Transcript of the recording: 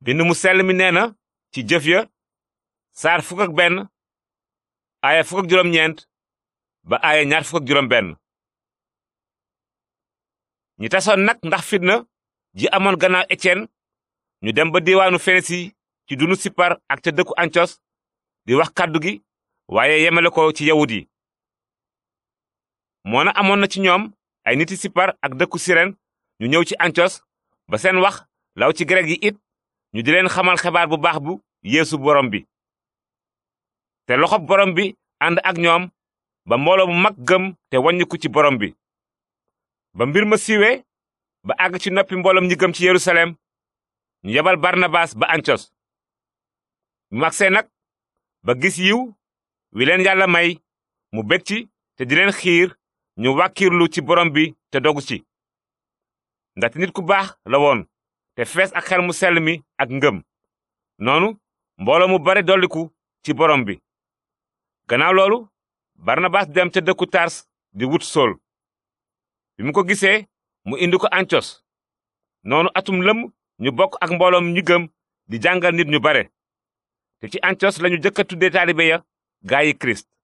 bind mu sell mi nee na ci jëf ya saar fukk ak benn aaya fukk ak juróom ñeent ba aaya ñaar fukk ak juróom benn ñi tasoon nag ndax fitna ji amoon gannaaw Étienne ñu dem ba diwaanu Fénisi ci dunu Sipar ak ca dëkku Antiyos di wax kàddu gi waaye yemale ko ci yawut yi moona amoon na ci ñoom ay niti Sipar ak dëkku Siren ñu ñëw ci Antiyos ba seen wax law ci Grek yi it ñu di leen xamal xabaar bu baax bu yéesu borom bi te loxob borom bi ànd ak ñoom ba mbooloo mu mag gëm te wàññiku ci borom bi ba mbir ma siiwee ba àgg ci noppi mbooloom ñi gëm ci yerusalem ñu yebal barnabaas ba ancos mu agsee nag ba gis yiw wi leen yàlla may mu bég ci te di leen xiir ñu wàkkiirlu ci borom bi te dogu ci ndaxte nit ku baax la woon te fees ak xel mu sell mi ak ngëm noonu mbooloo mu bare dolliku ci borom bi gannaaw loolu barnabaas dem ca dëkku tars di wut sol bi mu ko gisee mu indi ko ancos noonu atum lëm ñu bokk ak mbooloom ñi di jàngal nit ñu bare te ci ancos lañu jëkka tuddee taalibe ya gaayi kirist